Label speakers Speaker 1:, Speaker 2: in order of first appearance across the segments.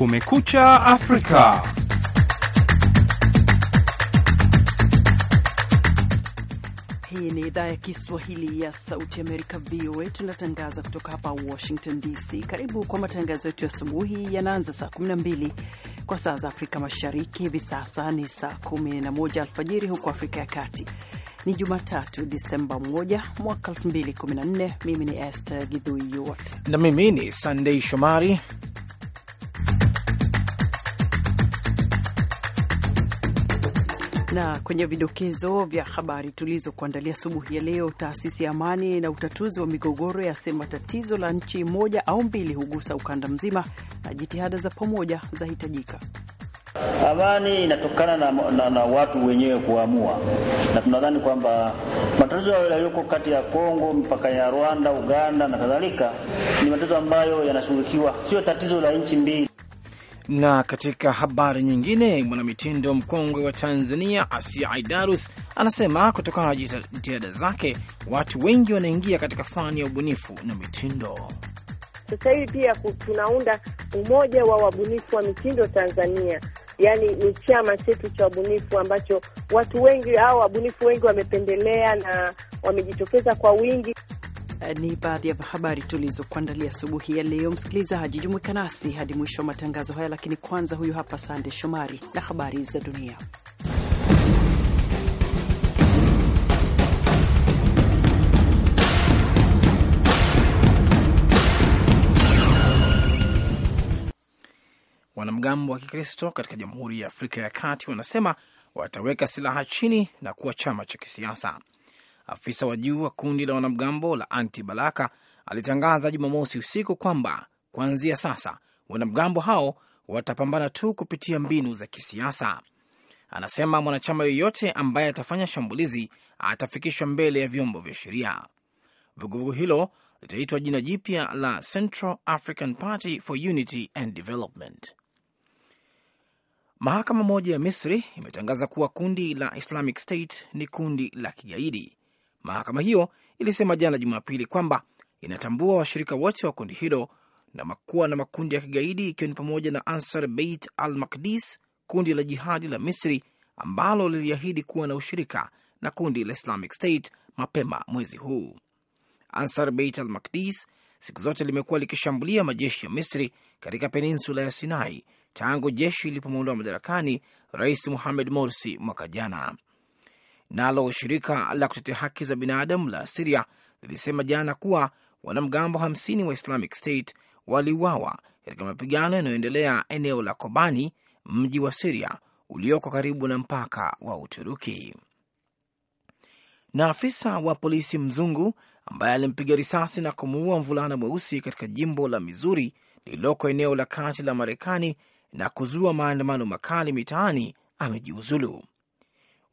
Speaker 1: Kumekucha Afrika.
Speaker 2: Hii ni idhaa ya Kiswahili ya Sauti Amerika, VOA. Tunatangaza kutoka hapa Washington DC. Karibu kwa matangazo yetu ya asubuhi, yanaanza saa 12 kwa saa za Afrika Mashariki. Hivi sasa ni saa 11 alfajiri huko Afrika ya Kati. Ni Jumatatu, Disemba 1 mwaka 2014. Mimi ni Esther Gidhui
Speaker 3: na mimi ni Sandei Shomari
Speaker 2: Na kwenye vidokezo vya habari tulizokuandalia asubuhi ya leo, taasisi ya amani na utatuzi wa migogoro yasema tatizo la nchi moja au mbili hugusa ukanda mzima na jitihada za pamoja zahitajika.
Speaker 4: Amani inatokana na, na, na watu wenyewe kuamua, na tunadhani kwamba matatizo yaliyoko kati ya Kongo, mipaka ya Rwanda, Uganda na kadhalika ni matatizo ambayo yanashughulikiwa, sio tatizo la nchi mbili.
Speaker 3: Na katika habari nyingine, mwanamitindo mkongwe wa Tanzania Asia Aidarus anasema kutokana na jitihada zake watu wengi wanaingia katika fani ya ubunifu na mitindo.
Speaker 5: Sasa hivi pia tunaunda umoja wa wabunifu wa mitindo Tanzania, yaani ni chama chetu cha wabunifu ambacho watu wengi au wabunifu wengi wamependelea na wamejitokeza kwa wingi
Speaker 2: ni baadhi ya habari tulizokuandalia asubuhi ya leo. Msikilizaji, jumuika nasi hadi mwisho wa matangazo haya, lakini kwanza, huyu hapa Sande Shomari na habari za dunia.
Speaker 3: Wanamgambo wa Kikristo katika Jamhuri ya Afrika ya Kati wanasema wataweka silaha chini na kuwa chama cha kisiasa afisa wa juu wa kundi la wanamgambo la Anti Balaka alitangaza Jumamosi usiku kwamba kuanzia sasa wanamgambo hao watapambana tu kupitia mbinu za kisiasa. Anasema mwanachama yeyote ambaye atafanya shambulizi atafikishwa mbele ya vyombo vya sheria. Vuguvugu hilo litaitwa jina jipya la Central African Party for Unity and Development. Mahakama moja ya Misri imetangaza kuwa kundi la Islamic State ni kundi la kigaidi Mahakama hiyo ilisema jana Jumapili kwamba inatambua washirika wote wa kundi hilo na makuwa na makundi ya kigaidi ikiwa ni pamoja na Ansar Beit al Makdis, kundi la jihadi la Misri ambalo liliahidi kuwa na ushirika na kundi la Islamic State mapema mwezi huu. Ansar Beit al Makdis siku zote limekuwa likishambulia majeshi ya Misri katika peninsula ya Sinai tangu jeshi lilipomuondoa madarakani Rais muhamed Morsi mwaka jana. Nalo shirika la kutetea haki za binadamu la Siria lilisema jana kuwa wanamgambo 50 wa Islamic State waliuawa katika mapigano yanayoendelea eneo la Kobani, mji wa Siria ulioko karibu na mpaka wa Uturuki. Na afisa wa polisi mzungu ambaye alimpiga risasi na kumuua mvulana mweusi katika jimbo la Mizuri lililoko eneo la kati la Marekani na kuzua maandamano makali mitaani amejiuzulu.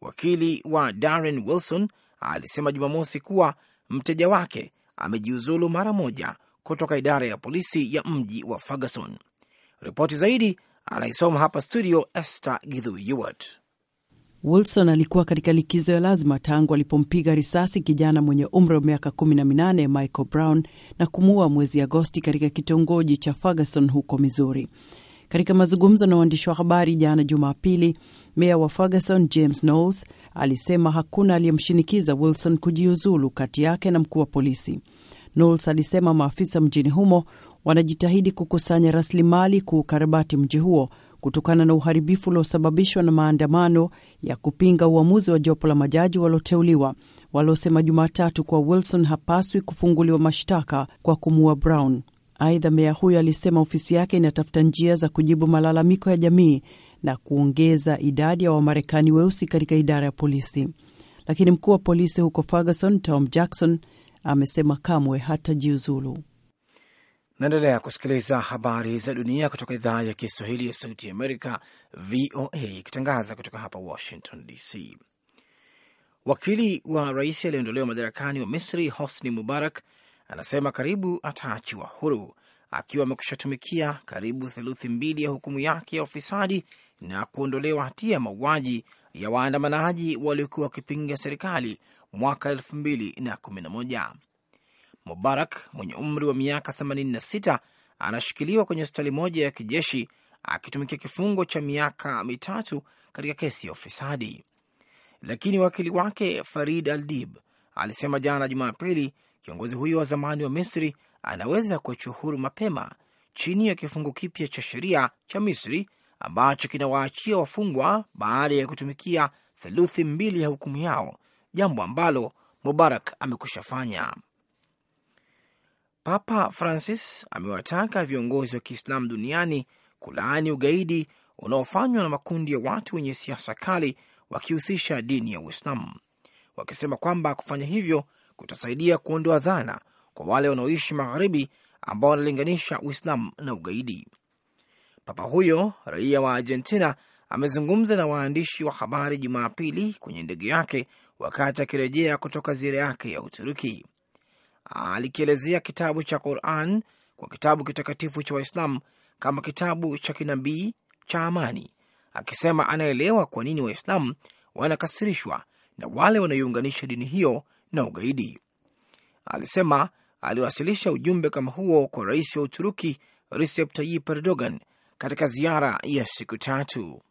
Speaker 3: Wakili wa Darren Wilson alisema Jumamosi kuwa mteja wake amejiuzulu mara moja kutoka idara ya polisi ya mji wa Ferguson. Ripoti zaidi anaisoma hapa studio Esther Githui
Speaker 2: Wilson alikuwa katika likizo ya lazima tangu alipompiga risasi kijana mwenye umri wa miaka 18 Michael Brown na kumuua mwezi Agosti katika kitongoji cha Ferguson huko Missouri. Katika mazungumzo na waandishi wa habari jana Jumapili, meya wa Ferguson James Knowles alisema hakuna aliyemshinikiza Wilson kujiuzulu kati yake na mkuu wa polisi. Knowles alisema maafisa mjini humo wanajitahidi kukusanya rasilimali kuukarabati mji huo kutokana na uharibifu uliosababishwa na maandamano ya kupinga uamuzi wa jopo la majaji walioteuliwa waliosema Jumatatu kuwa Wilson hapaswi kufunguliwa mashtaka kwa kumuua Brown. Aidha, meya huyo alisema ofisi yake inatafuta njia za kujibu malalamiko ya jamii na kuongeza idadi ya Wamarekani weusi katika idara ya polisi, lakini mkuu wa polisi huko Ferguson, Tom Jackson, amesema kamwe hatajiuzulu.
Speaker 3: Naendelea kusikiliza habari za dunia kutoka idhaa ya Kiswahili ya Sauti ya Amerika, VOA, ikitangaza kutoka hapa Washington DC. Wakili wa rais aliyeondolewa madarakani wa Misri Hosni Mubarak anasema karibu ataachiwa huru akiwa amekushatumikia karibu theluthi mbili ya hukumu yake ya ufisadi na kuondolewa hatia ya mauaji ya waandamanaji waliokuwa wakipinga serikali mwaka 2011. Mubarak mwenye umri wa miaka 86 anashikiliwa kwenye hospitali moja ya kijeshi akitumikia kifungo cha miaka mitatu katika kesi ya ufisadi, lakini wakili wake Farid Aldib alisema jana Jumapili Kiongozi huyo wa zamani wa Misri anaweza kuachiwa huru mapema chini ya kifungu kipya cha sheria cha Misri ambacho kinawaachia wafungwa baada ya kutumikia theluthi mbili ya hukumu yao, jambo ambalo Mubarak amekwisha fanya. Papa Francis amewataka viongozi wa Kiislamu duniani kulaani ugaidi unaofanywa na makundi ya watu wenye siasa kali wakihusisha dini ya Uislamu, wakisema kwamba kufanya hivyo kutasaidia kuondoa dhana kwa wale wanaoishi magharibi ambao wanalinganisha Uislamu na ugaidi. Papa huyo raia wa Argentina amezungumza na waandishi wa habari Jumapili kwenye ndege yake wakati akirejea kutoka ziara yake ya Uturuki. Alikielezea kitabu cha Quran kwa kitabu kitakatifu cha Waislamu kama kitabu cha kinabii cha amani, akisema anaelewa kwa nini Waislamu wanakasirishwa na wale wanaiunganisha dini hiyo na ugaidi. Alisema aliwasilisha ujumbe kama huo kwa rais wa Uturuki Recep Tayyip Erdogan katika ziara ya siku tatu.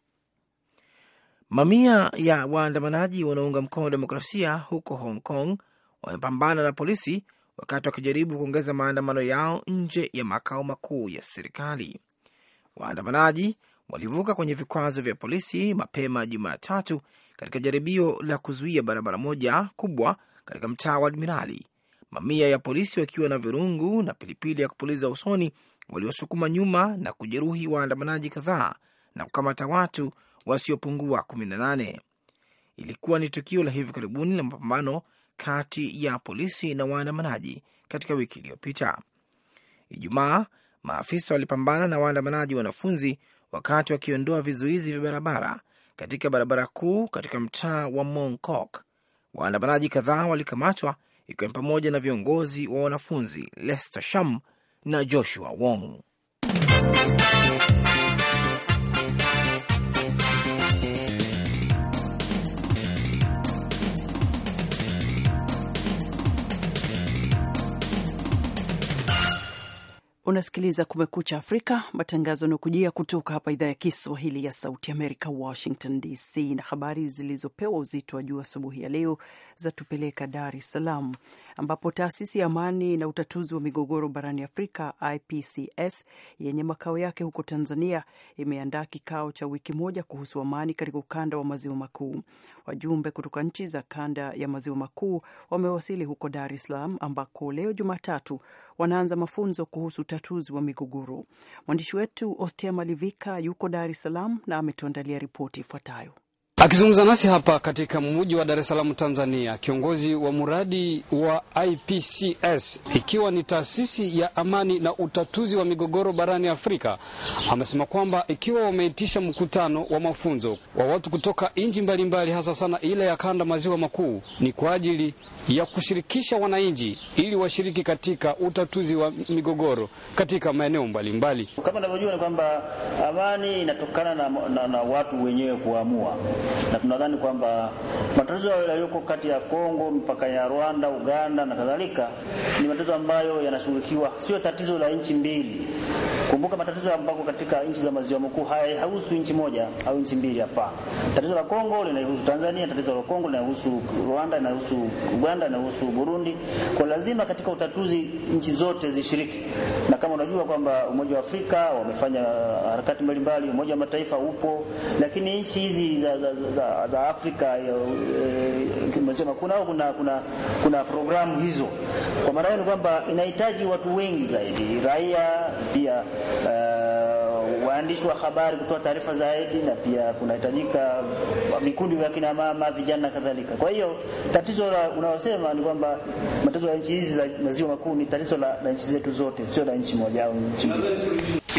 Speaker 3: Mamia ya waandamanaji wanaounga mkono demokrasia huko Hong Kong wamepambana na polisi wakati wakijaribu kuongeza maandamano yao nje ya makao makuu ya serikali. Waandamanaji walivuka kwenye vikwazo vya polisi mapema Jumatatu katika jaribio la kuzuia barabara moja kubwa katika mtaa wa Admirali, mamia ya polisi wakiwa na virungu na pilipili ya kupuliza usoni waliosukuma nyuma na kujeruhi waandamanaji kadhaa na kukamata watu wasiopungua 18. Ilikuwa ni tukio la hivi karibuni la mapambano kati ya polisi na waandamanaji katika wiki iliyopita. Ijumaa, maafisa walipambana na waandamanaji wanafunzi wakati wakiondoa vizuizi vya barabara katika barabara kuu katika mtaa wa Mongkok Waandamanaji kadhaa walikamatwa ikiwa ni pamoja na viongozi wa wanafunzi Lester Sham na Joshua Wong.
Speaker 2: Unasikiliza Kumekucha Afrika, matangazo yanakujia kutoka hapa idhaa ya Kiswahili ya Sauti Amerika, Washington DC. Na habari zilizopewa uzito wa juu asubuhi ya leo zatupeleka Dar es Salaam, ambapo taasisi ya amani na utatuzi wa migogoro barani Afrika, IPCS, yenye makao yake huko Tanzania, imeandaa kikao cha wiki moja kuhusu amani katika ukanda wa maziwa makuu. Wajumbe kutoka nchi za kanda ya maziwa makuu wamewasili huko Dar es Salaam, ambako leo Jumatatu wanaanza mafunzo kuhusu utatuzi wa migogoro. Mwandishi wetu Ostia Malivika yuko Dar es Salaam na ametuandalia ripoti ifuatayo.
Speaker 1: Akizungumza nasi hapa katika mji wa Dar es Salaam, Tanzania, kiongozi wa mradi wa IPCS ikiwa ni taasisi ya amani na utatuzi wa migogoro barani Afrika amesema kwamba ikiwa wameitisha mkutano wa mafunzo wa watu kutoka nchi mbalimbali, hasa sana ile ya kanda maziwa makuu, ni kwa ajili ya kushirikisha wananchi ili washiriki katika utatuzi wa migogoro katika maeneo mbalimbali.
Speaker 4: Kama unavyojua ni kwamba amani inatokana na, na, na watu wenyewe kuamua na tunadhani kwamba matatizo yaliyoko kati ya Kongo, mpaka ya Rwanda, Uganda na kadhalika ni matatizo ambayo yanashughulikiwa, sio tatizo la nchi mbili Kumbuka matatizo ya mpango katika nchi za maziwa makuu hayahusu nchi moja au nchi mbili, hapana. Tatizo la Kongo linahusu Tanzania, tatizo la Kongo linahusu Rwanda, linahusu Uganda, linahusu Burundi. Kwa lazima katika utatuzi nchi zote zishiriki, na kama unajua kwamba Umoja wa Afrika wamefanya uh, harakati mbalimbali, Umoja wa Mataifa upo, lakini nchi hizi za, za, za, za Afrika uh, umesema kuna au kuna, kuna, kuna programu hizo. Kwa maana hiyo ni kwamba inahitaji watu wengi zaidi, raia pia uh, waandishi wa habari kutoa taarifa zaidi, na pia kunahitajika vikundi vya kina mama, vijana na kadhalika. Kwa hiyo tatizo la unaosema ni kwamba matatizo ya nchi hizi za maziwa makuu ni tatizo la, la nchi zetu zote, sio la nchi moja au nchi mbili.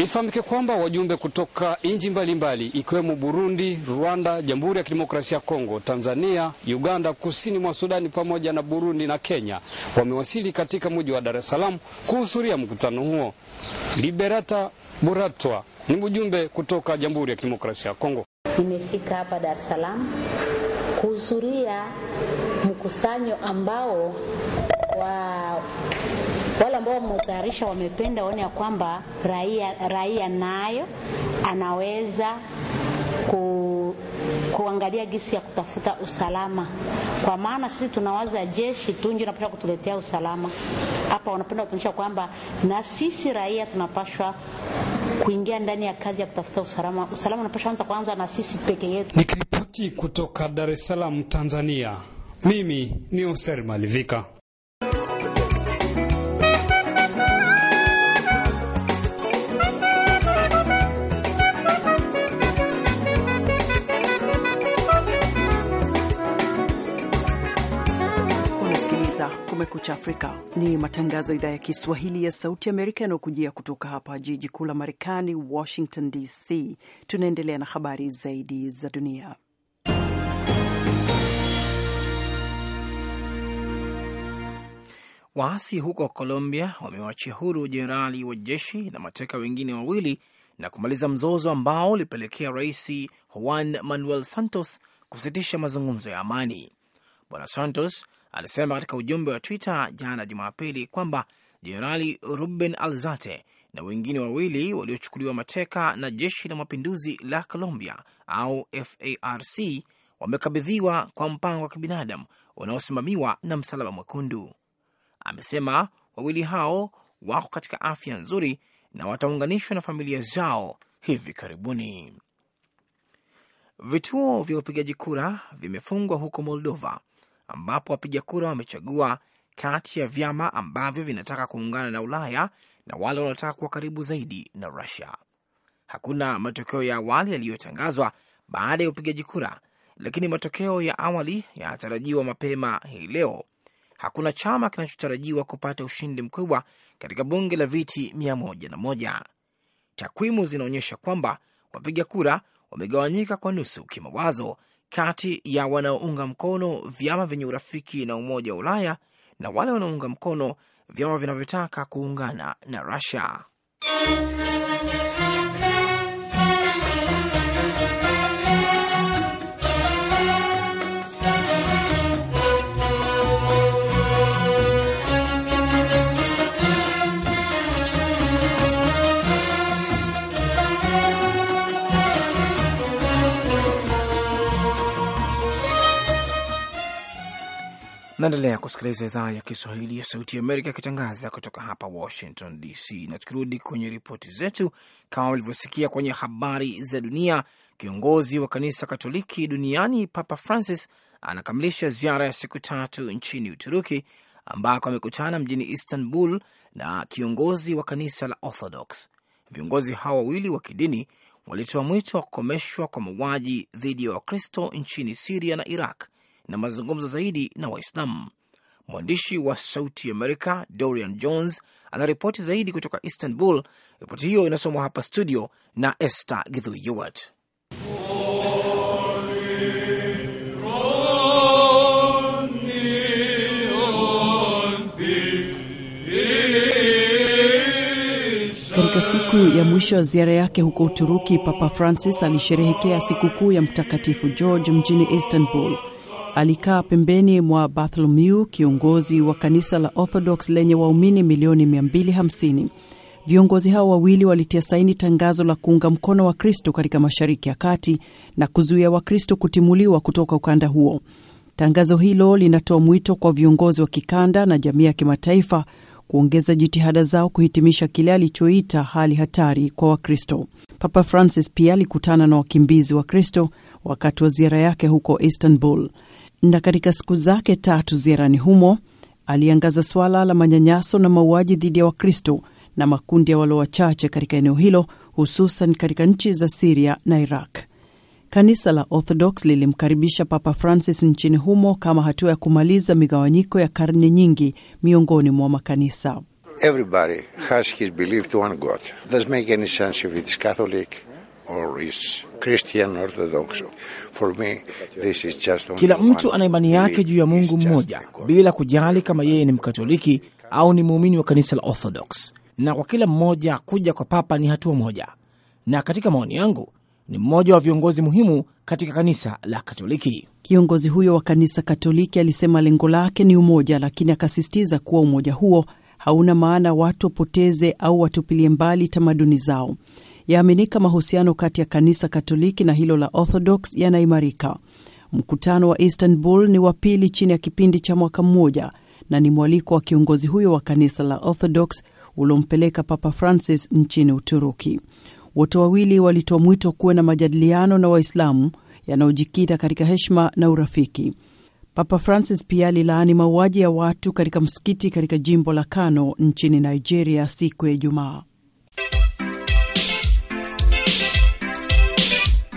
Speaker 1: Ifahamike kwamba wajumbe kutoka nchi mbalimbali ikiwemo Burundi, Rwanda, Jamhuri ya Kidemokrasia ya Kongo, Tanzania, Uganda, kusini mwa Sudani pamoja na Burundi na Kenya wamewasili katika mji wa Dar es Salaam kuhudhuria mkutano huo. Liberata Buratwa ni mjumbe kutoka Jamhuri ya Kidemokrasia ya Kongo.
Speaker 6: Nimefika hapa Dar es Salaam kuhudhuria mkusanyo ambao wa wale ambao wameutayarisha wamependa waone ya kwamba raia, raia nayo anaweza ku, kuangalia gisi ya kutafuta usalama, kwa maana sisi tunawaza jeshi tu ndio inapaswa kutuletea usalama. Hapa wanapenda kutuonyesha kwamba na sisi raia tunapashwa kuingia ndani ya kazi ya kutafuta usalama. Usalama anza kwanza na sisi peke yetu.
Speaker 1: Nikiripoti kutoka Dar es Salaam, Tanzania, mimi ni Oser Malivika.
Speaker 2: Kumekucha Afrika ni matangazo idhaa ya Kiswahili ya Sauti Amerika yanayokujia kutoka hapa jiji kuu la Marekani, Washington DC. Tunaendelea na habari zaidi za dunia.
Speaker 3: Waasi huko Colombia wamewachia huru jenerali wa jeshi na mateka wengine wawili na kumaliza mzozo ambao ulipelekea rais Juan Manuel Santos kusitisha mazungumzo ya amani. Bwana Santos alisema katika ujumbe wa Twitter jana Jumapili kwamba Jenerali Ruben Alzate na wengine wawili waliochukuliwa mateka na jeshi la mapinduzi la Colombia au FARC wamekabidhiwa kwa mpango wa kibinadamu unaosimamiwa na Msalaba Mwekundu. Amesema wawili hao wako katika afya nzuri na wataunganishwa na familia zao hivi karibuni. Vituo vya upigaji kura vimefungwa huko Moldova ambapo wapiga kura wamechagua kati ya vyama ambavyo vinataka kuungana na Ulaya na wale wanaotaka kuwa karibu zaidi na Rusia. Hakuna matokeo ya awali yaliyotangazwa baada ya upigaji kura, lakini matokeo ya awali yanatarajiwa mapema hii leo. Hakuna chama kinachotarajiwa kupata ushindi mkubwa katika bunge la viti mia moja na moja. Takwimu zinaonyesha kwamba wapiga kura wamegawanyika kwa nusu kimawazo kati ya wanaounga mkono vyama vyenye urafiki na Umoja wa Ulaya na wale wanaounga mkono vyama vinavyotaka kuungana na Russia. Naendelea kusikiliza idhaa ya Kiswahili ya Sauti ya Amerika ikitangaza kutoka hapa Washington DC. Na tukirudi kwenye ripoti zetu, kama ulivyosikia kwenye habari za dunia, kiongozi wa kanisa Katoliki duniani Papa Francis anakamilisha ziara ya siku tatu nchini Uturuki, ambako amekutana mjini Istanbul na kiongozi wa kanisa la Orthodox. Viongozi hawa wawili wa kidini walitoa mwito wa kukomeshwa kwa mauaji dhidi ya Wakristo nchini Siria na Iraq na mazungumzo zaidi na Waislamu. Mwandishi wa Sauti Amerika Dorian Jones anaripoti zaidi kutoka Istanbul. Ripoti hiyo inasomwa hapa studio na Esther githui Katika siku
Speaker 2: ya mwisho ya ziara yake huko Uturuki, Papa Francis alisherehekea sikukuu ya Mtakatifu George mjini Istanbul alikaa pembeni mwa Bartholomew, kiongozi wa kanisa la Orthodox lenye waumini milioni 250. Viongozi hao wawili walitia saini tangazo la kuunga mkono Wakristo katika Mashariki ya Kati na kuzuia Wakristo kutimuliwa kutoka ukanda huo. Tangazo hilo linatoa mwito kwa viongozi wa kikanda na jamii ya kimataifa kuongeza jitihada zao kuhitimisha kile alichoita hali hatari kwa Wakristo. Papa Francis pia alikutana na wakimbizi Wakristo wakati wa ziara yake huko Istanbul na katika siku zake tatu ziarani humo aliangaza suala la manyanyaso na mauaji dhidi ya Wakristo na makundi ya walo wachache katika eneo hilo, hususan katika nchi za Siria na Iraq. Kanisa la Orthodox lilimkaribisha Papa Francis nchini humo kama hatua ya kumaliza migawanyiko ya karne nyingi miongoni mwa makanisa.
Speaker 6: Everybody has his belief to one God. make any sense if it is Catholic or is Christian Orthodox. For me, this is just kila mtu ana imani yake
Speaker 3: juu ya Mungu mmoja bila kujali kama yeye ni Mkatoliki au ni muumini wa kanisa la Orthodox, na kwa kila mmoja kuja kwa papa ni hatua moja, na katika maoni yangu ni mmoja wa viongozi muhimu katika kanisa
Speaker 2: la Katoliki. Kiongozi huyo wa kanisa Katoliki alisema lengo lake ni umoja, lakini akasisitiza kuwa umoja huo hauna maana watu wapoteze au watupilie mbali tamaduni zao yaaminika mahusiano kati ya kanisa Katoliki na hilo la Orthodox yanaimarika. Mkutano wa Istanbul ni wa pili chini ya kipindi cha mwaka mmoja na ni mwaliko wa kiongozi huyo wa kanisa la Orthodox uliompeleka Papa Francis nchini Uturuki. Wote wawili walitoa mwito kuwe na majadiliano na Waislamu yanayojikita katika heshima na urafiki. Papa Francis pia alilaani mauaji ya watu katika msikiti katika jimbo la Kano nchini Nigeria siku ya Ijumaa.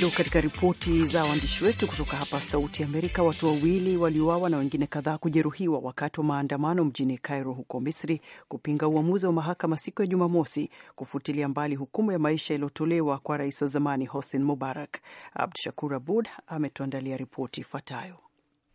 Speaker 2: bado katika ripoti za waandishi wetu kutoka hapa Sauti Amerika, watu wawili waliuawa na wengine kadhaa kujeruhiwa wakati wa maandamano mjini Cairo huko Misri kupinga uamuzi wa mahakama siku ya Jumamosi kufutilia mbali hukumu ya maisha iliyotolewa kwa rais wa zamani Hosni Mubarak. Abdu Shakur Abud ametuandalia ripoti ifuatayo.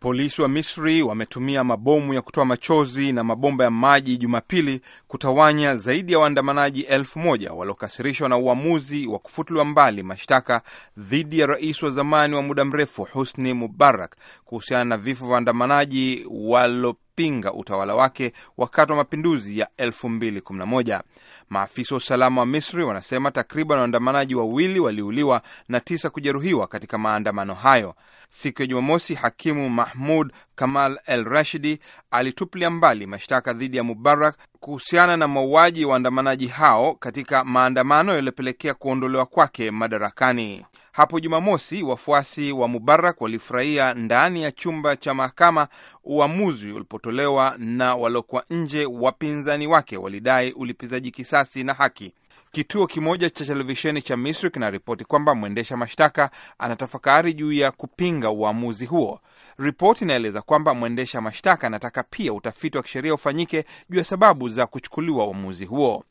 Speaker 1: Polisi wa Misri wametumia mabomu ya kutoa machozi na mabomba ya maji Jumapili kutawanya zaidi ya waandamanaji elfu moja waliokasirishwa na uamuzi wa kufutuliwa mbali mashtaka dhidi ya rais wa zamani wa muda mrefu Husni Mubarak kuhusiana na vifo vya waandamanaji walo kupinga utawala wake wakati wa mapinduzi ya 2011. Maafisa wa usalama wa Misri wanasema takriban waandamanaji wawili waliuliwa na tisa kujeruhiwa katika maandamano hayo. Siku ya Jumamosi, hakimu Mahmud Kamal El Rashidi alitupilia mbali mashtaka dhidi ya Mubarak kuhusiana na mauaji ya waandamanaji hao katika maandamano yaliyopelekea kuondolewa kwake madarakani. Hapo Jumamosi, wafuasi wa Mubarak walifurahia ndani ya chumba cha mahakama uamuzi ulipotolewa, na waliokuwa nje wapinzani wake walidai ulipizaji kisasi na haki. Kituo kimoja cha televisheni cha Misri kinaripoti kwamba mwendesha mashtaka anatafakari juu ya kupinga uamuzi huo. Ripoti inaeleza kwamba mwendesha mashtaka anataka pia utafiti wa kisheria ufanyike juu ya sababu za kuchukuliwa uamuzi huo.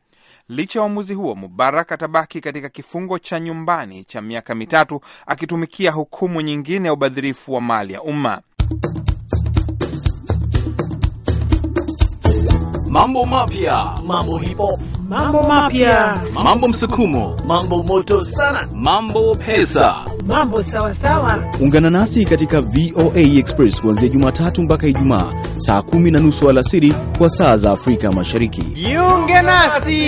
Speaker 1: Licha ya uamuzi huo, Mubarak atabaki katika kifungo cha nyumbani cha miaka mitatu akitumikia hukumu nyingine ya ubadhirifu wa mali ya umma. mambo mapya,
Speaker 4: mambo hip hop, mambo mapya, mambo msukumo, mambo moto sana, mambo pesa,
Speaker 6: mambo sawa sawa.
Speaker 4: Ungana nasi katika VOA Express kuanzia Jumatatu mpaka Ijumaa saa kumi na nusu alasiri kwa saa za Afrika Mashariki.
Speaker 6: Jiunge
Speaker 2: nasi.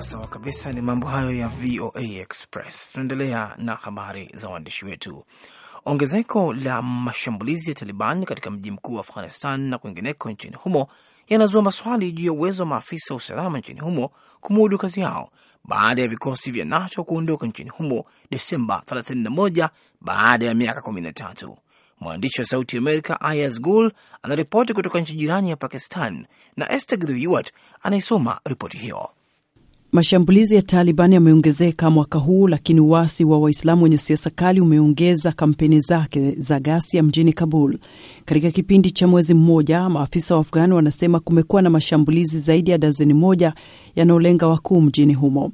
Speaker 3: Sawa kabisa, ni mambo hayo ya VOA Express. Tunaendelea na habari za waandishi wetu. Ongezeko la mashambulizi ya Taliban katika mji mkuu wa Afghanistan na kwingineko nchini humo yanazua maswali juu ya uwezo wa maafisa wa usalama nchini humo kumudu kazi yao baada ya vikosi vya NATO kuondoka nchini humo Desemba 31 baada ya miaka 13. Mwandishi wa Sauti Amerika Ayaz Gul anaripoti kutoka nchi jirani ya Pakistan na Esther Githuwat anaisoma ripoti hiyo.
Speaker 2: Mashambulizi ya Taliban yameongezeka mwaka huu, lakini uasi wa Waislamu wenye siasa kali umeongeza kampeni zake za ghasia mjini Kabul. Katika kipindi cha mwezi mmoja, maafisa wa Afghan wanasema kumekuwa na mashambulizi zaidi ya dazeni moja yanayolenga wakuu mjini humo.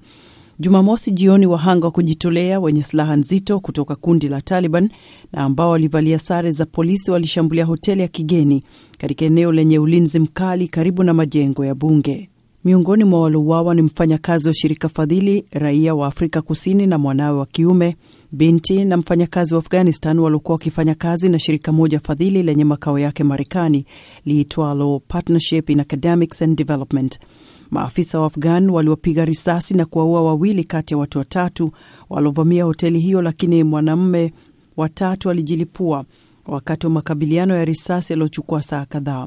Speaker 2: Jumamosi jioni, wahanga wa kujitolea wenye silaha nzito kutoka kundi la Taliban na ambao walivalia sare za polisi walishambulia hoteli ya kigeni katika eneo lenye ulinzi mkali karibu na majengo ya bunge. Miongoni mwa waliouawa ni mfanyakazi wa shirika fadhili, raia wa Afrika Kusini na mwanawe wa kiume, binti na mfanyakazi wa Afghanistan waliokuwa wakifanya kazi na shirika moja fadhili lenye makao yake Marekani liitwalo Partnership in Academics and Development. Maafisa wa Afghan waliwapiga risasi na kuwaua wawili kati ya watu watatu waliovamia hoteli hiyo, lakini mwanamme watatu alijilipua wakati wa makabiliano ya risasi yaliyochukua saa kadhaa.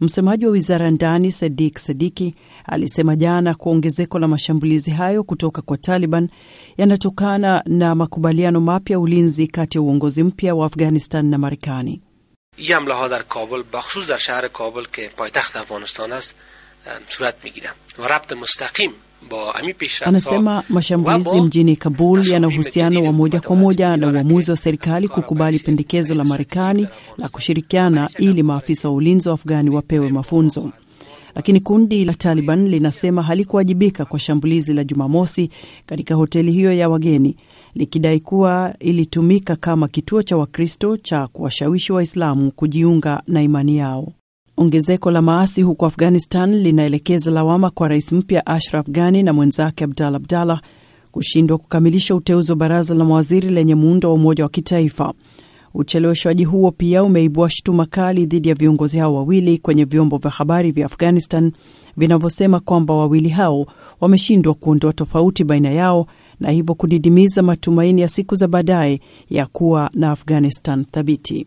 Speaker 2: Msemaji wa wizara ya ndani Sadik Sadiki alisema jana kuwa ongezeko la mashambulizi hayo kutoka kwa Taliban yanatokana na makubaliano mapya ya ulinzi kati ya uongozi mpya wa Afghanistan na Marekani.
Speaker 4: Hamlaha dar Kabul dar Kabul ke eh, surat migirand wa rabt mustaqim Anasema mashambulizi mjini
Speaker 2: Kabul yana uhusiano wa moja kwa moja na uamuzi wa serikali kukubali pendekezo la Marekani la kushirikiana ili maafisa wa ulinzi wa Afghani wapewe mafunzo. Lakini kundi la Taliban linasema halikuwajibika kwa shambulizi la Jumamosi katika hoteli hiyo ya wageni likidai kuwa ilitumika kama kituo cha Wakristo cha kuwashawishi Waislamu kujiunga na imani yao. Ongezeko la maasi huko Afghanistan linaelekeza lawama kwa rais mpya Ashraf Ghani na mwenzake Abdalla Abdalla kushindwa kukamilisha uteuzi wa baraza la mawaziri lenye muundo wa umoja wa kitaifa. Ucheleweshwaji huo pia umeibua shutuma kali dhidi ya viongozi hao wawili kwenye vyombo vya habari vya Afghanistan vinavyosema kwamba wawili hao wameshindwa kuondoa tofauti baina yao na hivyo kudidimiza matumaini ya siku za baadaye ya kuwa na Afghanistan thabiti.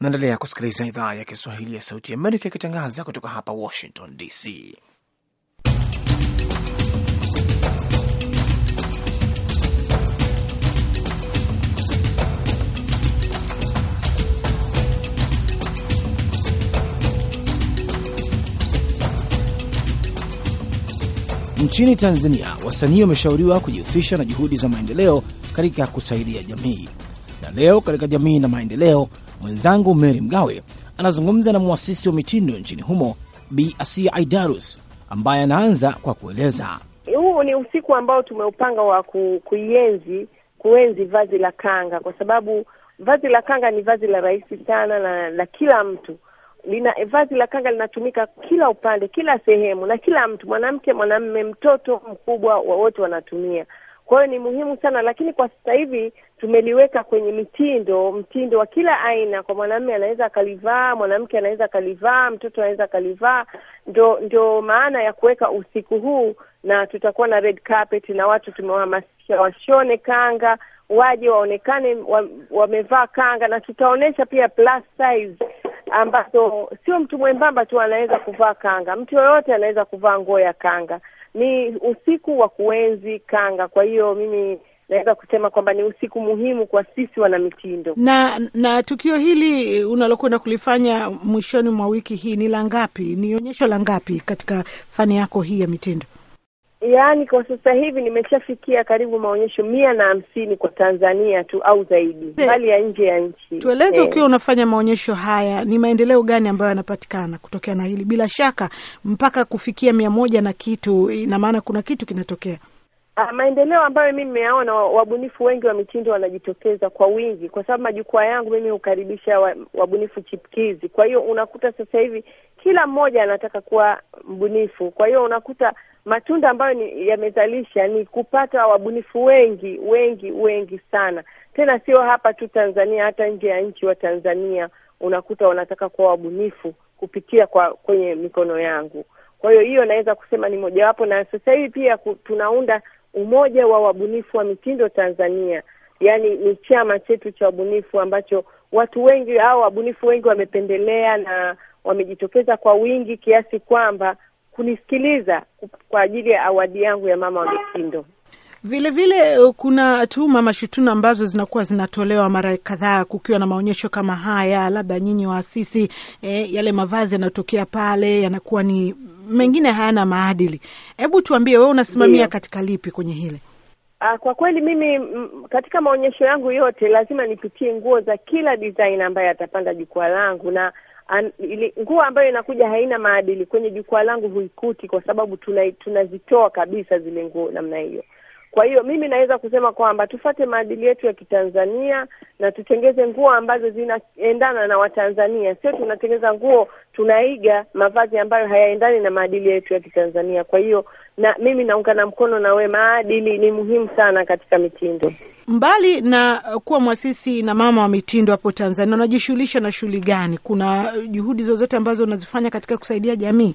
Speaker 3: Mnaendelea kusikiliza idhaa ya Kiswahili ya Sauti ya Amerika ikitangaza kutoka hapa Washington DC. Nchini Tanzania, wasanii wameshauriwa kujihusisha na juhudi za maendeleo katika kusaidia jamii. Na leo katika Jamii na Maendeleo Mwenzangu Mary Mgawe anazungumza na mwasisi wa mitindo nchini humo Bi Asia Aidarus ambaye anaanza kwa kueleza.
Speaker 5: Huu ni usiku ambao tumeupanga wa ku, kuienzi kuenzi vazi la kanga, kwa sababu vazi la kanga ni vazi la rahisi sana na la kila mtu lina vazi la kanga linatumika kila upande, kila sehemu na kila mtu, mwanamke, mwanamme, mtoto mkubwa, wote wanatumia. Kwa hiyo ni muhimu sana, lakini kwa sasa hivi tumeliweka kwenye mitindo, mtindo wa kila aina. Kwa mwanamume anaweza akalivaa, mwanamke anaweza akalivaa, mtoto anaweza akalivaa. Ndo, ndo maana ya kuweka usiku huu, na tutakuwa na red carpet na watu tumewahamasisha washone kanga, waje waonekane wamevaa wa kanga, na tutaonyesha pia plus size ambazo sio mtu mwembamba tu anaweza kuvaa kanga, mtu yoyote anaweza kuvaa nguo ya kanga. Ni usiku wa kuenzi kanga. Kwa hiyo mimi naweza kusema kwamba ni usiku muhimu kwa sisi mitindo.
Speaker 6: Na na tukio hili eh, unalokwenda kulifanya mwishoni mwa wiki hii ni la ngapi? Ni onyesho la ngapi katika fani yako hii ya mitindo?
Speaker 5: Yaani kwa sasa hivi nimeshafikia karibu maonyesho mia na hamsini kwa Tanzania tu au zaidi, eh, mbali ya nje ya nchi. Tueleze eh. ukiwa
Speaker 6: eh, unafanya maonyesho haya, ni maendeleo gani ambayo yanapatikana kutokea na hili? Bila shaka mpaka kufikia mia moja na kitu, ina maana kuna kitu kinatokea.
Speaker 5: Uh, maendeleo ambayo mimi nimeyaona, wabunifu wengi wa mitindo wanajitokeza kwa wingi, kwa sababu majukwaa yangu mimi hukaribisha wabunifu chipkizi. Kwa hiyo unakuta sasa hivi kila mmoja anataka kuwa mbunifu, kwa hiyo unakuta matunda ambayo yamezalisha ni kupata wabunifu wengi wengi wengi sana, tena sio hapa tu Tanzania, hata nje ya nchi wa Tanzania unakuta wanataka kuwa wabunifu kupitia kwa kwenye mikono yangu. Kwa hiyo hiyo naweza kusema ni mojawapo, na sasa hivi pia tunaunda Umoja wa Wabunifu wa Mitindo Tanzania, yaani ni chama chetu cha wabunifu ambacho watu wengi au wabunifu wengi wamependelea na wamejitokeza kwa wingi kiasi kwamba kunisikiliza kwa ajili ya awadi yangu ya mama wa mitindo.
Speaker 6: Vilevile eh, kuna tuhuma mashutuna ambazo zinakuwa zinatolewa mara kadhaa, kukiwa na maonyesho kama haya, labda nyinyi waasisi eh, yale mavazi yanayotokea pale yanakuwa ni mengine hayana maadili. Hebu tuambie wewe unasimamia yeah, katika lipi kwenye
Speaker 3: hili?
Speaker 5: Ah, kwa kweli mimi mm, katika maonyesho yangu yote lazima nipitie nguo za kila design ambaye atapanda jukwaa langu, na nguo ambayo inakuja haina maadili kwenye jukwaa langu huikuti, kwa sababu tunazitoa tuna kabisa zile nguo namna hiyo. Kwa hiyo mimi naweza kusema kwamba tufate maadili yetu ya Kitanzania na tutengeze nguo ambazo zinaendana na Watanzania, sio tunatengeza nguo tunaiga mavazi ambayo hayaendani na maadili yetu ya Kitanzania. Kwa hiyo na mimi naungana mkono nawe, maadili ni muhimu sana katika mitindo.
Speaker 6: Mbali na kuwa mwasisi na mama wa mitindo hapo Tanzania, unajishughulisha na shughuli gani? Kuna juhudi zozote ambazo unazifanya katika kusaidia jamii?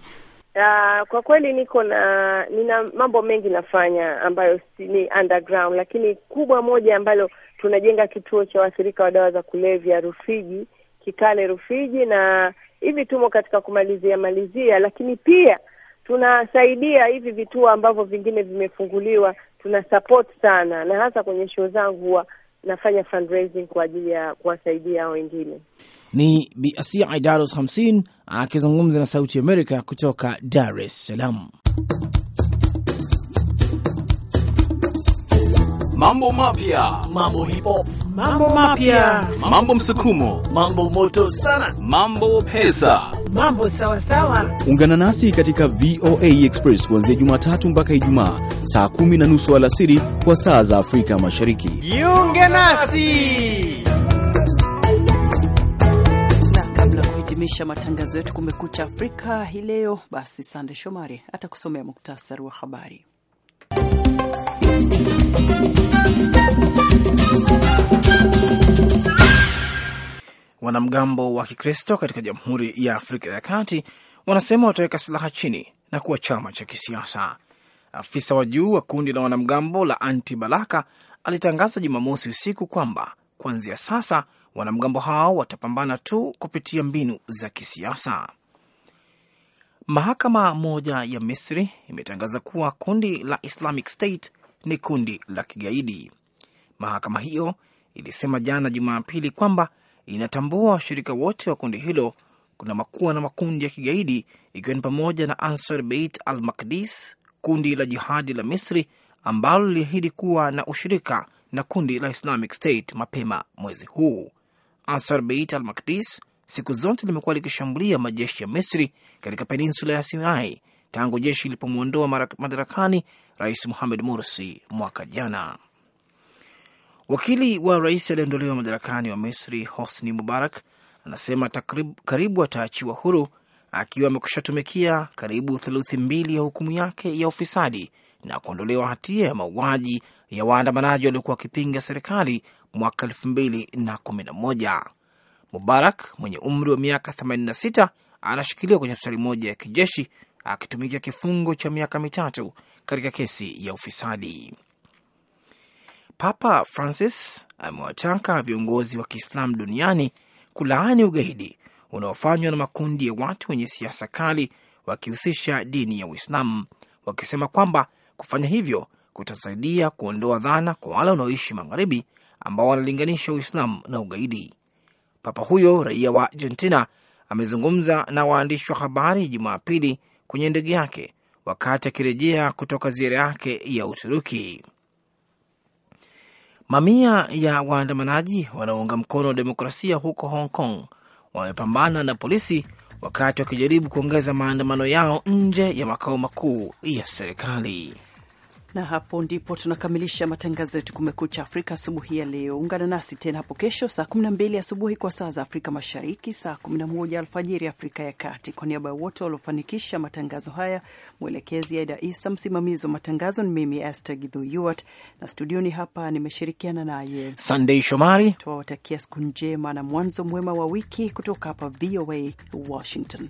Speaker 5: Uh, kwa kweli niko na nina mambo mengi nafanya ambayo ni underground, lakini kubwa moja ambalo tunajenga kituo cha waathirika wa dawa za kulevya Rufiji, Kikale Rufiji, na hivi tumo katika kumalizia malizia, lakini pia tunasaidia hivi vituo ambavyo vingine vimefunguliwa, tuna support sana, na hasa kwenye show zangu huwa nafanya fundraising kwa ajili ya kuwasaidia wengine.
Speaker 3: Ni Bi Asia Aidarus 50 akizungumza na Sauti Amerika kutoka Dar es Salaam.
Speaker 4: mambo mapya, mambo hip hop,
Speaker 3: mambo mapya,
Speaker 4: mambo msukumo, mambo moto sana, mambo pesa,
Speaker 6: mambo sawa sawa.
Speaker 4: Ungana nasi katika VOA Express kuanzia Jumatatu mpaka Ijumaa saa kumi na nusu alasiri kwa saa za Afrika Mashariki.
Speaker 2: Jiunge nasi. Misha matangazo yetu Kumekucha Afrika hii leo. Basi Sande Shomari atakusomea muktasari wa habari.
Speaker 3: Wanamgambo wa Kikristo katika Jamhuri ya Afrika ya Kati wanasema wataweka silaha chini na kuwa chama cha kisiasa. Afisa wa juu wa kundi la wanamgambo la Anti Balaka alitangaza Jumamosi usiku kwamba kuanzia sasa wanamgambo hao watapambana tu kupitia mbinu za kisiasa. Mahakama moja ya Misri imetangaza kuwa kundi la Islamic State ni kundi la kigaidi. Mahakama hiyo ilisema jana Jumapili kwamba inatambua washirika wote wa kundi hilo. Kuna makuwa na makundi ya kigaidi ikiwa ni pamoja na Ansar Beit al Makdis, kundi la jihadi la Misri ambalo liliahidi kuwa na ushirika na kundi la Islamic State mapema mwezi huu. Ansar Beit al Makdis siku zote limekuwa likishambulia majeshi ya Misri katika peninsula ya Sinai tangu jeshi lilipomwondoa madarakani Rais muhamed Morsi mwaka jana. Wakili wa rais aliyeondolewa madarakani wa Misri Hosni Mubarak anasema karibu ataachiwa huru akiwa amekushatumikia karibu theluthi mbili ya hukumu yake ya ufisadi na kuondolewa hatia ya mauaji ya waandamanaji waliokuwa wakipinga serikali mwaka elfu mbili na kumi na moja. Mubarak mwenye umri wa miaka 86 anashikiliwa kwenye hospitali moja ya kijeshi akitumikia kifungo cha miaka mitatu katika kesi ya ufisadi. Papa Francis amewataka viongozi wa Kiislamu duniani kulaani ugaidi unaofanywa na makundi ya watu wenye siasa kali wakihusisha dini ya Uislamu, wakisema kwamba kufanya hivyo kutasaidia kuondoa dhana kwa wale wanaoishi magharibi ambao wanalinganisha Uislamu na ugaidi. Papa huyo raia wa Argentina amezungumza na waandishi wa habari Jumapili kwenye ndege yake wakati akirejea kutoka ziara yake ya Uturuki. Mamia ya waandamanaji wanaounga mkono wa demokrasia huko Hong Kong wamepambana na polisi wakati wakijaribu kuongeza maandamano yao nje ya makao makuu ya serikali na hapo ndipo
Speaker 2: tunakamilisha matangazo yetu Kumekucha Afrika asubuhi ya leo. Ungana nasi tena hapo kesho saa 12 asubuhi kwa saa za Afrika Mashariki, saa 11 alfajiri Afrika ya Kati. Kwa niaba ya wote waliofanikisha matangazo haya, mwelekezi Aida Isa, msimamizi wa matangazo ni mimi Esther Gidhuyuat, na studioni hapa nimeshirikiana naye
Speaker 3: Sandei Shomari.
Speaker 2: tuwawatakia siku njema na mwanzo mwema wa wiki kutoka hapa VOA Washington.